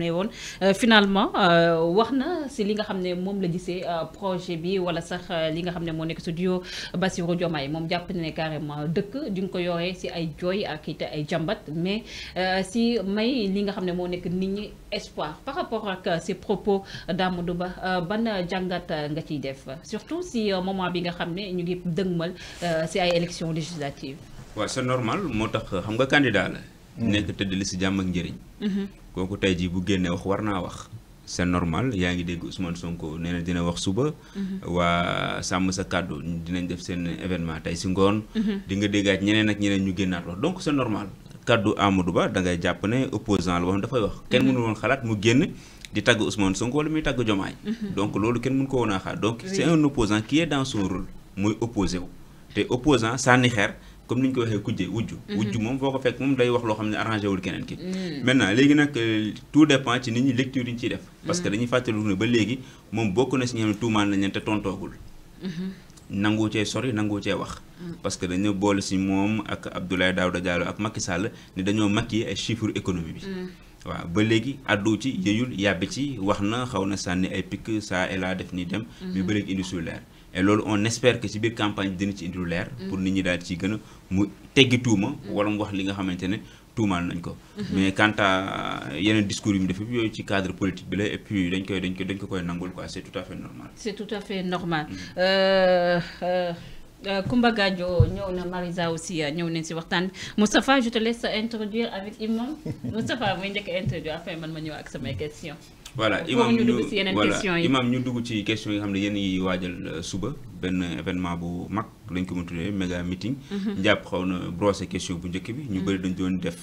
Euh, finalement euh, wax si li nga xamné ne la gisee euh, projet bi wala sax li nga xamné ne nek studio Bassirou Diomaye mom japp na carrément deuk que ko si ay jooy ak it ay jambat mais si may li nga xamné ne nek nit ñi espoir par rapport à ces propos d'Amadou Ba ban jangat nga ci def surtout si moment bi nga xamné ne ñu ngi deugmal ci ay élections législatives. ouais c'est normal motax xam nga candidat Mm-hmm. nekk tëdd li si jàmm ak njëriñ. Mm-hmm. kooku tey jii bu génnee wax war naa wax. c'est normal yaa ngi dégg Ousmane Sonko nee dina wax suba. Mm-hmm. waa sàmm sa kàddu dinañ def seen événement tey si ngoon. di nga déggaat ñeneen ak ñeneen ñu génnaat wax donc c'est normal. kaddu Amadou Ba da ngay jàpp ne opposant la woon dafay wax. kenn mënu woon xalaat mu génn di tagg Ousmane Sonko wala muy tagg Jomaay. donc loolu kenn mënu ko woon a xaar donc c'est un opposant qui est dans son rôle muy opposé wu. sànni xeer. comme ni ñu ko waxee kujje wujju mhm. wujju moom foo ko fekk moom day wax loo xam ne arrangé wul keneen ki mm. maintenant léegi nag euh, tout dépend ci ni ñu lecture yi ñu ciy def parce que mm. dañuy fàttaliku ne ba léegi moom bokk na si ñoom tuumaan nañ leen te tontoogul mm-hmm. nangu cee sori nangu cee wax mm. parce que dañoo boole si moom ak Abdoulaye Daouda Diallo ak Macky Sall ne dañoo maquiller ay chiffre économie bi waaw ba léegi àddu ci yëyul yàbbi ci wax na xaw na sànni ay pikk saa et là def ni dem mm-hmm. mais ba léegi indi su leer et on espère que ci biir campagne dina ci indi leer. pour nit ñi daal ci gën a mu teggi tuuma. wala mu wax li nga xamante ne tuumaal nañ ko. mais quant à yeneen discours yi mu def yooyu ci cadre politique bi la et puis dañ koy dañ ko dañ ko koy nangul quoi c' est tout à fait normal. c'est tout à fait normal. Koumba mm-hmm. euh, euh, euh, Gadjo ñëw na Marisa aussi ñëw nañ si waxtaan Moustapha je te laisse introduire avec Imam Moustapha muy njëkk a introduire après man ma ñëw ak sama question voilà imam ñu dugg ci question yi imam ñu dugg ci question yi nga xam ne yéen yi waajal euh, suba benn événement bu mag lañ ko mën tuddee méga meeting. Mhm. njàpp xaw na brosser question bu njëkk bi. ñu mhm. bëri dañ doon def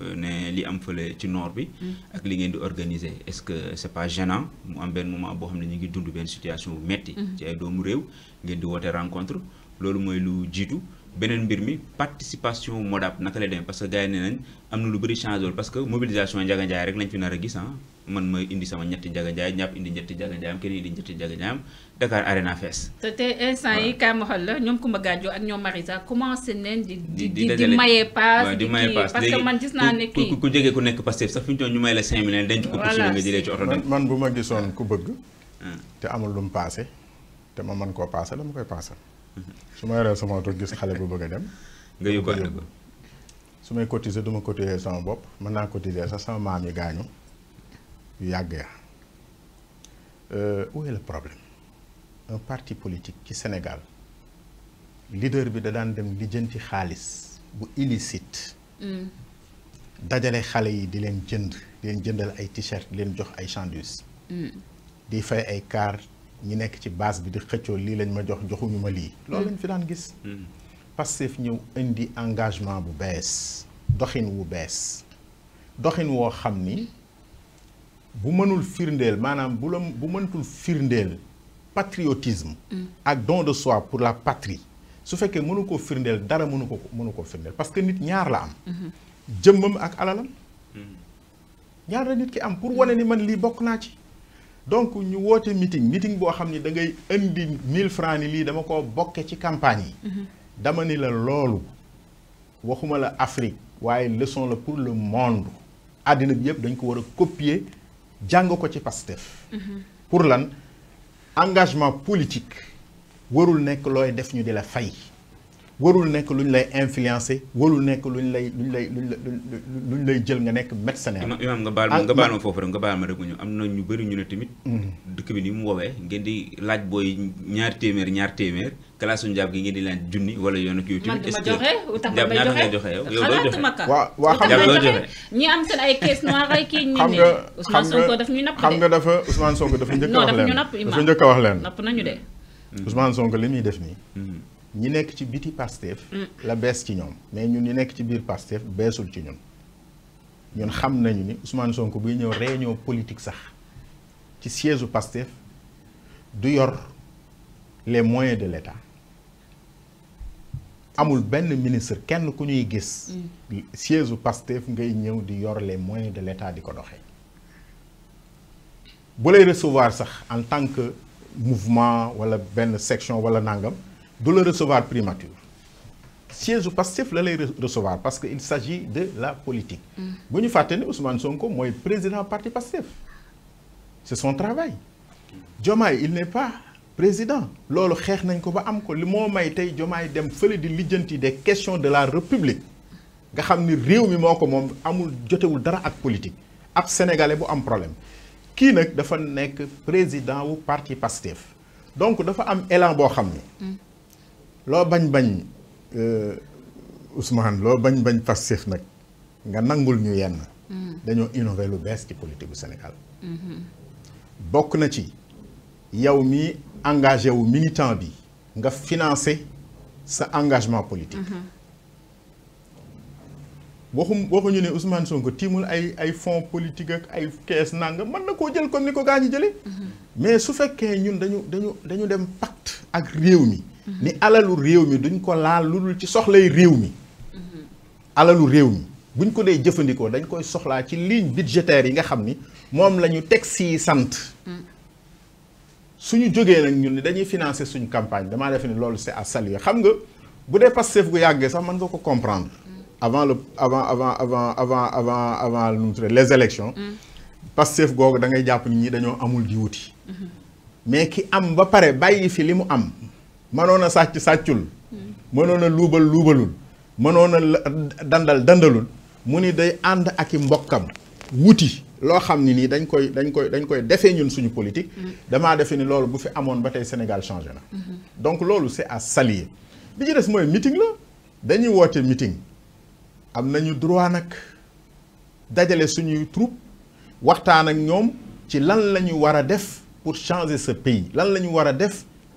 euh, ne li am fële ci noor bi. Mhm. ak li ngeen di organiser est-ce que c'est pas gênant mu am benn moment boo xam ne ñu ngi dund benn situation bu metti ci ay doomu réew ngeen di woote rencontre loolu mooy lu jiitu. beneen mbir mi participation MODAP naka lay dem parce que gars yi nee nañ am na lu bëri changé parce que mobilisation Ndiaga Ndiaye rek lañ fi nar a gis ah man ma indi sama ñetti Ndiaga Ndiaye ñàpp indi indi ñetti Ndiaga Ndiaye am Dakar Arena fees. te te instant yi ma ñoom Kumba Gadio ak ñoom parce que man gis naa ne kii ku jege ku nekk Pastef sax fi ñu may la 5 millions denc ko pour su nga jëlee ci oto dem man bu ma gisoon ku bëgg ah. te amul lu mu paase te ma mën koo paase la ma koy paasal su ma sama oto gis xale bu bëgg a dem. nga yóbbaale ko su may cotiser du ma cotiser sama bopp mën naa cotiser sax sama maam yi gaañu yu yàgg ya euh, où est le problème un parti politique ci Sénégal leader bi da daan dem lijjanti xaalis bu illicite. Hmm. dajale xale yi di leen jënd di leen jëndal ay t-shirt di leen jox ay sandwich. Hmm. di fay ay carte ñi nekk ci base bi di xëccoo lii lañ ma jox joxuñu ma lii. loolu hmm. lañ fi daan gis. Hmm. Pastef ñëw indi engagement bu bees doxin wu bees doxin woo xam ni bu mënul firndeel maanaam bu la bu mëntul firndeel patriotisme. Hmm. ak don de soi pour la patrie. su fekkee mënu koo firndeel dara mënu ko mënu koo firndeel parce que nit ñaar la am. jëmmam ak alalam. ñaar la nit ki am pour wane ni man lii bokk naa ci. donc ñu woote meeting meeting boo xam ni da ngay indi 1000 francs ni lii dama ko bokke ci campagne yi. Mhm. dama ni la loolu waxuma la Afrique waaye leçon la pour le monde Adina bi yëpp dañ ko war a copier jàng ko ci Pastef. Mhm. pour lan engagement politique warul nekk looy def ñu di la fay. warul nekk lu ñu lay influencer warul nekk lu ñu lay lu ñu lay lu ñu lay jël nga nekk mercenaire. imaam nga baal ma ah, nga baal ma foofu rek nga baal ma rek ñu ñu bëri ñu tamit. Mm-hmm. dëkk bi ni mu woowee ngeen di laaj booy ñaar téeméer ñaar téeméer kalaasu njaab gi ngeen di laaj junni wala yoon ak yooyu. tamit est-ce que njaab ñaata ngay joxe yow doo joxe waaw xam nga doo joxe. am seen ay caisse noire ay kii ñu ne. Ousmane Sonko xam nga dafa Ousmane Sonko dafa njëkk a wax leen. non dafa ñu napp Ousmane Sonko li muy def nii mm-hmm. sommes nek ci biti Pastef mm. la bes ci mais ñun ñi nek ci biir Pastef besul ci ñun ñun xam nañu Sonko réunion politique sax ci siège Pastef les moyens de l'État amul ben ministre kenn ku ñuy mm. siège Pastef ngay di les moyens de l'État di vous recevoir en tant que mouvement wala ben section wala nangam de le recevoir primature siège je la le recevoir parce qu'il s'agit de la politique mm. bu ñu fàtte Ousmane Sonko mooy président parti Passif. c'est son travail il n'est pas président loolu le nañ ko ba am ko Le mot may tey Diomaye dem fële des questions de la République nga xam ni réew mi moo ko moom politique. jotewul dara ak politique ab sénégalais a un problème Qui est le président du parti Passif. donc dafa am élan boo loo bañ bañ euh, Ousmane loo bañ bañ Pastef nag nga nangul ñu yenn. Mm-hmm. dañoo innové lu bees ci politique bu Sénégal. Mm-hmm. bokk na ci yow mi engagé wu militant bi nga financé sa engagement politique. Mm-hmm. waxum waxuñu ne Ousmane Sonko tiimul ay ay fonds politique ak ay kees nanga mën na koo jël comme ni ko gaa ñi jële mais su fekkee ñun dañu dañu dañu dem pacte ak réew mi. ni alalu réew mi duñ ko laal lu dul ci soxlay réew mi alalu réew mi buñ ko dee jëfandikoo dañ koy soxlaa ci ligne budgétaire yi nga xam ni moom la ñu teg si sant suñu jógee nag ñun ni dañuy financer suñu campagne damaa defe ni loolu c'est à saluer xam nga bu dee Pastef gu yàggee sax mën nga ko comprendre avant le avant avant avant avant avant avant nu mu tuddee les élections Pastef googu da ngay jàpp nit ñi dañoo amul di wuti mm-hmm. mais ki am ba pare bàyyi fi li mu am manona a sàcc manona on a manona dandal dandalul muni day and ak wuti lo xamni ni dañ koy dañ koy dañ koy politique mm-hmm. ni bu fi Sénégal mm-hmm. donc c'est à un ci Une meeting la dañuy woté meeting am nañu droit nak dajalé un troupe waxtaan ak ci lan def pour changer ce pays lan lañu def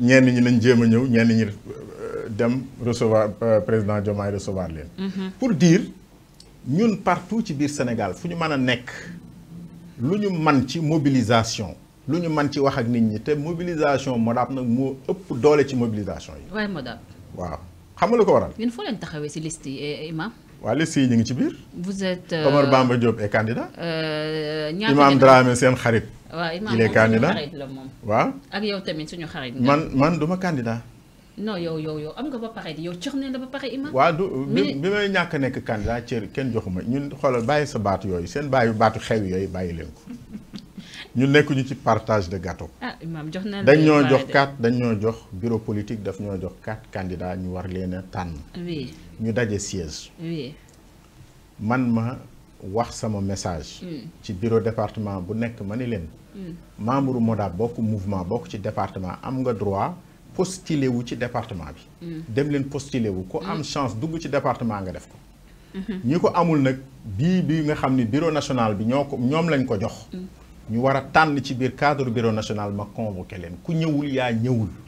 ñenn ñi nañ jéem a ñëw ñenn ñi euh, dem recevoir euh, président Diomaye recevoir leen. Mhm. pour dire ñun partout ci biir Sénégal fu ñu mën a nekk lu ñu man ci mobilisation lu ñu man ci wax ak nit ñi te mobilisation Modap nag moo ëpp doole ci mobilisation yi. waaye Modap. waaw xam nga lu ko waral. ñun foo leen taxawee ci liste yi eh, imam waa liste yi ñu ngi ci biir. vous êtes euh, Omar Bamba Diop est candidat. Euh, ñaata Imaam Dramé seen xarit. waaw Imaam moom la moom waaw. ak yow tamit suñu xarit. man man du ma candidat. yow yow yow am nga ba yow cër ne la du bi bi may ñàkk nekk candidat cër kenn joxuma ñun xoolal bàyyi sa baat yooyu seen bàyyi baatu xew yooyu bàyyi leen ko ñu nekk ñu ci partage de gato ah Imaam jox na dañ ñoo jox quatre dañ ñoo jox bureau politique daf ñoo jox quatre candidats ñu war leen a tànn. oui. ñu daje siège. man ma wax sama message. Mm. ci bureau département bu nekk ma ni leen. Mm. membre MODAP bokk mouvement bokk ci département am nga droit postuler wu ci département bi. Mm. dem leen postuler wu ku am chance dugg ci département nga def ko. Mm-hmm. ñi ko amul nag bii bi nga xam ni bureau national bi ñoo ko ñoom lañ ko jox. ñu war a tànn ci biir cadre bureau national ma convoqué leen ku ñëwul yaa ñëwul.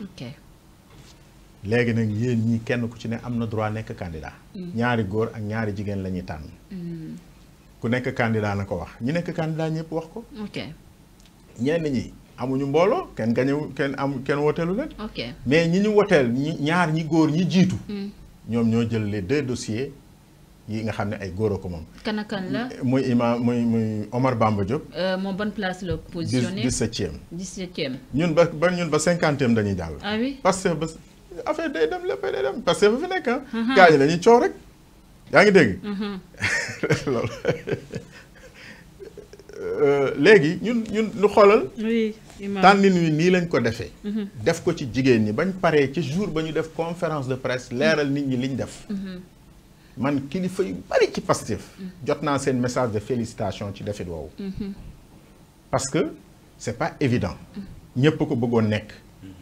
ok léegi nag yéen ñi kenn ku ci ne am na droit nekk candidat. Mm. ñaari góor ak ñaari jigéen la ñuy tànn. Mm. ku nekk candidat na ko wax ñi nekk candidat ñëpp wax ko. ñenn ñi amuñu mbooloo kenn gañewu kenn am kenn woteelu leen. ok mais ñi ñu woteel ñi ñaar ñi góor ñi jiitu. Mm. ñoom ñoo jël les deux dossiers. yi nga homme ay ko Omar Bamba Diop. Euh, place la positionné. 17 e 17e. ñun ba ba ñun ah oui parce que affaire day dem day dem parce que fi nek hein ah. uh-huh. rek dégg. Uh-huh. Euh, ñun ñun oui imam ni lañ ko uh-huh. def ko ci jigéen ni bañ paré jour def conférence de presse léral nit ñi liñ def man kilifa yu bari ci Pastef jot naa seen message de félicitation ci defit woowu parce que c'est pas évident ñépp ko bëggoon nekk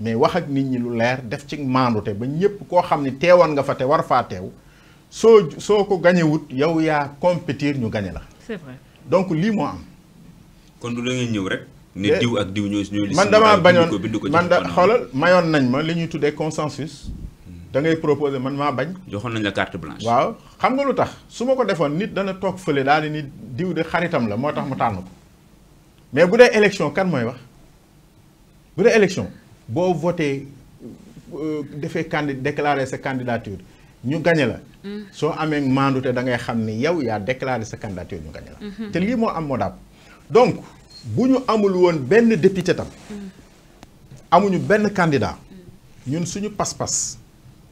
mais wax ak nit ñi lu leer def ci mandouté ba ñépp ko xamni téwon nga fa té war fa téw so soko gagné wut yow ya compétir ñu gagné la c'est vrai donc li mo am kon du la ngeen ñëw rek ne eh, diw ak diw ñoo li man dama bañoon man xolal mayon nañ ma li ñuy tuddee consensus da ngay proposé man maa bañ. joxoon nañ la carte blanche. waaw xam nga lu tax su ma ko defoon nit dana toog fële daal di ni diw de xaritam la moo tax mu tànn ko mais bu dee élection kan mooy wax bu dee élection boo voté euh, defee candi déclaré sa candidature ñu gañe la. Mm. soo amee maandu te da ngay xam ni yow yaa déclaré sa candidature ñu gañe la. Mm-hmm. te lii moo am moo daal donc bu ñu amul woon benn député tam. Mm. amuñu benn candidat mm. ñun suñu pas-pas.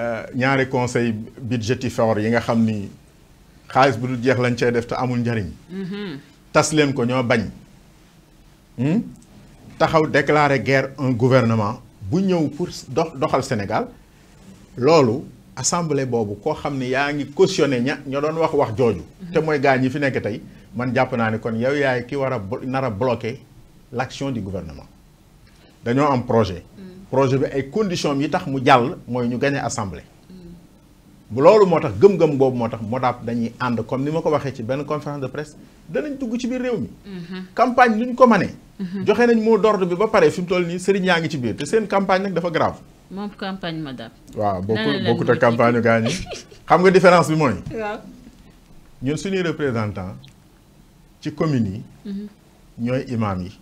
Euh, ñaari conseil budgétivore yi nga xam ni xaalis bu dul jeex lañ cay def te amul mhm. tas leen ko hmm? guerre un gouvernement bu pour doxal Sénégal loolu assemblée boobu koo xam ne yaa ña ñoo doon wax wax te l'action du gouvernement dañoo am projet mhm. projet bi ay condition yi tax mu jàll mooy ñu gagné assemblée. bu loolu moo tax gëm-gëm boobu moo tax MODAP dañuy ànd comme ni ma ko waxee ci benn conférence de presse danañ dugg ci biir réew mi. Mhm. campagne lu ñu ko manee. Mhm. joxe nañ moo d'ordre bi ba pare fi toll nii sëriñ yaa ngi ci biir te seen campagne nag dafa grave. moom campagne MODAP. waaw bokkut bokkut ak campagne yu gaañ xam nga différence bi mooy. waaw ñun suñuy représentant ci communes yi. Mhm. ñooy imam yi.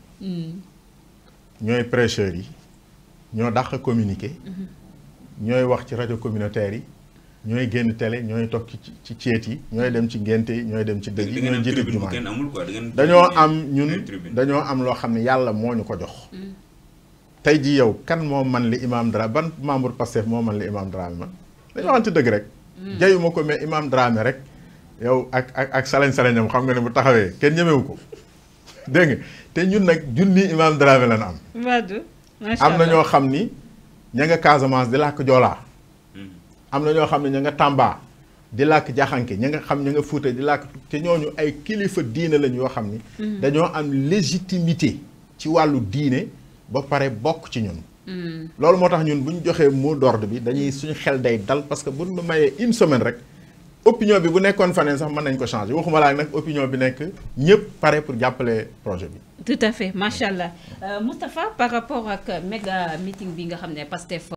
ñooy prêcheurs yi. ñoo dàq communiqué. Mm-hmm. ñooy wax ci rajo communautaire yi. ñooy génn télé ñooy toog ci ci ceet yi ñooy dem ci ngénte yi ñooy dem ci dëj yi ñooy jiite jumaa dañoo am ñun dañoo am loo xam ne yàlla moo ñu ko jox mm-hmm. tey ji yow kan moo man li Imaam Dramé ban membre Pastef moo man li Imaam Dramé man dañoo waxante dëgg rek mm-hmm. jayuma ko mais Imaam Dramé rek yow ak ak ak salañ-salañam xam nga ne bu taxawee kenn ñemewu ko dégg te ñun nag junni Imaam Dramé la am am na ñoo xam ni ña nga Casamance di làkk joolaa mm-hmm. am na ñoo xam ne ñu nga Tamba di làkk jaxanke ña nga xam ñu nga Fuuta di làkk te ñooñu ay kilifa diine lañu yoo xam ni mm-hmm. dañoo am légitimité ci wàllu diine ba pare bokk ci ñun mm-hmm. loolu moo tax ñun bu ñu joxee mot d'ordre bi dañuy suñu xel day dal parce que bu ñu mayee une semaine rek opinion bi bu nekkoon faneen sax mën nañ ko changer waxuma laa nag opinion bi nekk ñëpp pare pour jàppale projet bi. tout à fait macha allah euh, Moustapha par rapport ak méga meeting bi nga xam ne Pastef